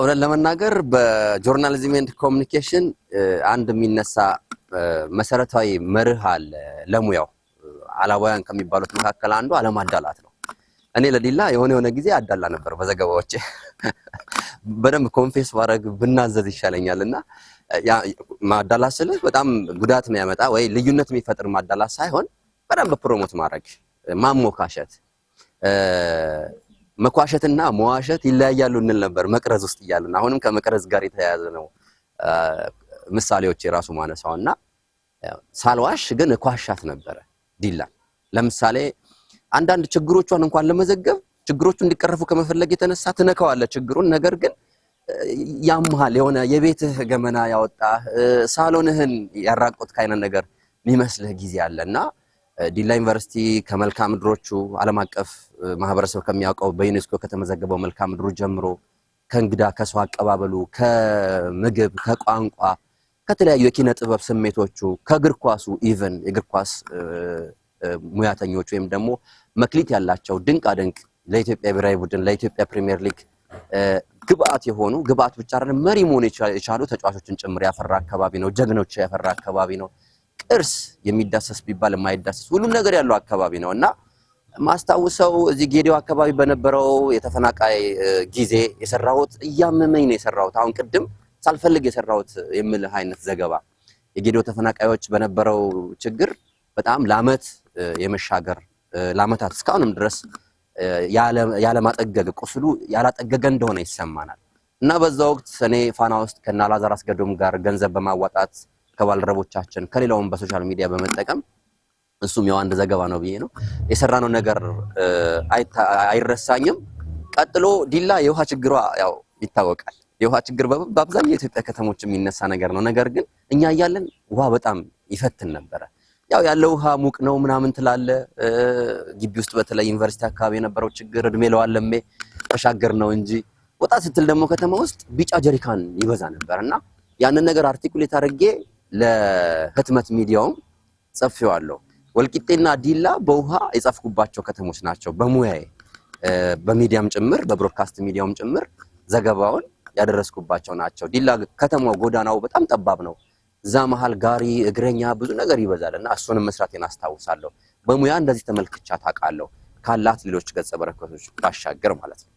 እውነት ለመናገር በጆርናሊዝም ኤንድ ኮሚኒኬሽን አንድ የሚነሳ መሰረታዊ መርህ አለ። ለሙያው አላባያን ከሚባሉት መካከል አንዱ አለማዳላት ነው። እኔ ለዲላ የሆነ የሆነ ጊዜ አዳላ ነበር በዘገባዎቼ በደንብ ኮንፌስ ባረግ ብናዘዝ ይሻለኛል። እና ማዳላ ስልህ በጣም ጉዳት የሚያመጣ ወይ ልዩነት የሚፈጥር ማዳላት ሳይሆን በደንብ ፕሮሞት ማድረግ ማሞካሸት መኳሸትና መዋሸት ይለያያሉ እንል ነበር መቅረዝ ውስጥ እያለን። አሁንም ከመቅረዝ ጋር የተያያዘ ነው ምሳሌዎች የራሱ ማነሳው እና ሳልዋሽ ግን እኳሻት ነበረ ዲላ። ለምሳሌ አንዳንድ ችግሮቿን እንኳን ለመዘገብ ችግሮቹ እንዲቀረፉ ከመፈለግ የተነሳ ትነካዋለህ ችግሩን። ነገር ግን ያምሃል የሆነ የቤትህ ገመና ያወጣህ ሳሎንህን ያራቆት ከአይነት ነገር የሚመስልህ ጊዜ አለ እና ዲላ ዩኒቨርሲቲ ከመልካም ምድሮቹ ዓለም አቀፍ ማህበረሰብ ከሚያውቀው በዩኔስኮ ከተመዘገበው መልካ ምድሩ ጀምሮ ከእንግዳ ከሰው አቀባበሉ፣ ከምግብ፣ ከቋንቋ፣ ከተለያዩ የኪነ ጥበብ ስሜቶቹ ከእግር ኳሱ ኢቨን የእግር ኳስ ሙያተኞች ወይም ደግሞ መክሊት ያላቸው ድንቃ ድንቅ ለኢትዮጵያ ብሔራዊ ቡድን ለኢትዮጵያ ፕሪሚየር ሊግ ግብአት የሆኑ ግብአት ብቻ አይደለም መሪ መሆን የቻሉ ተጫዋቾችን ጭምር ያፈራ አካባቢ ነው። ጀግኖች ያፈራ አካባቢ ነው። ቅርስ የሚዳሰስ ቢባል የማይዳሰስ ሁሉም ነገር ያለው አካባቢ ነው እና ማስታውሰው እዚህ ጌዲዮ አካባቢ በነበረው የተፈናቃይ ጊዜ የሰራሁት እያመመኝ ነው የሰራሁት። አሁን ቅድም ሳልፈልግ የሰራሁት የምልህ አይነት ዘገባ የጌዲዮ ተፈናቃዮች በነበረው ችግር በጣም ለአመት የመሻገር ለአመታት እስካሁንም ድረስ ያለማጠገግ ቁስሉ ያላጠገገ እንደሆነ ይሰማናል እና በዛ ወቅት እኔ ፋና ውስጥ ከነ አላዛር አስገዶም ጋር ገንዘብ በማዋጣት ከባልደረቦቻችን ከሌላውም በሶሻል ሚዲያ በመጠቀም እሱም ያው አንድ ዘገባ ነው ብዬ ነው የሰራነው ነገር አይረሳኝም። ቀጥሎ ዲላ የውሃ ችግሯ ያው ይታወቃል። የውሃ ችግር በአብዛኛው የኢትዮጵያ ከተሞች የሚነሳ ነገር ነው። ነገር ግን እኛ እያለን ውሃ በጣም ይፈትን ነበረ። ያው ያለ ውሃ ሙቅ ነው ምናምን ትላለ። ግቢ ውስጥ በተለይ ዩኒቨርሲቲ አካባቢ የነበረው ችግር እድሜ ለዋለሜ ተሻገር ነው እንጂ ወጣት ስትል ደግሞ ከተማ ውስጥ ቢጫ ጀሪካን ይበዛ ነበር እና ያንን ነገር አርቲኩሌት አድርጌ ለህትመት ሚዲያውም ጽፌዋለሁ። ወልቂጤና ዲላ በውሃ የጻፍኩባቸው ከተሞች ናቸው። በሙያዬ በሚዲያም ጭምር በብሮድካስት ሚዲያውም ጭምር ዘገባውን ያደረስኩባቸው ናቸው። ዲላ ከተማው ጎዳናው በጣም ጠባብ ነው። እዛ መሀል ጋሪ፣ እግረኛ ብዙ ነገር ይበዛል እና እሱንም መስራቴን አስታውሳለሁ። በሙያ እንደዚህ ተመልክቻ ታውቃለሁ ካላት ሌሎች ገጸ በረከቶች ባሻገር ማለት ነው።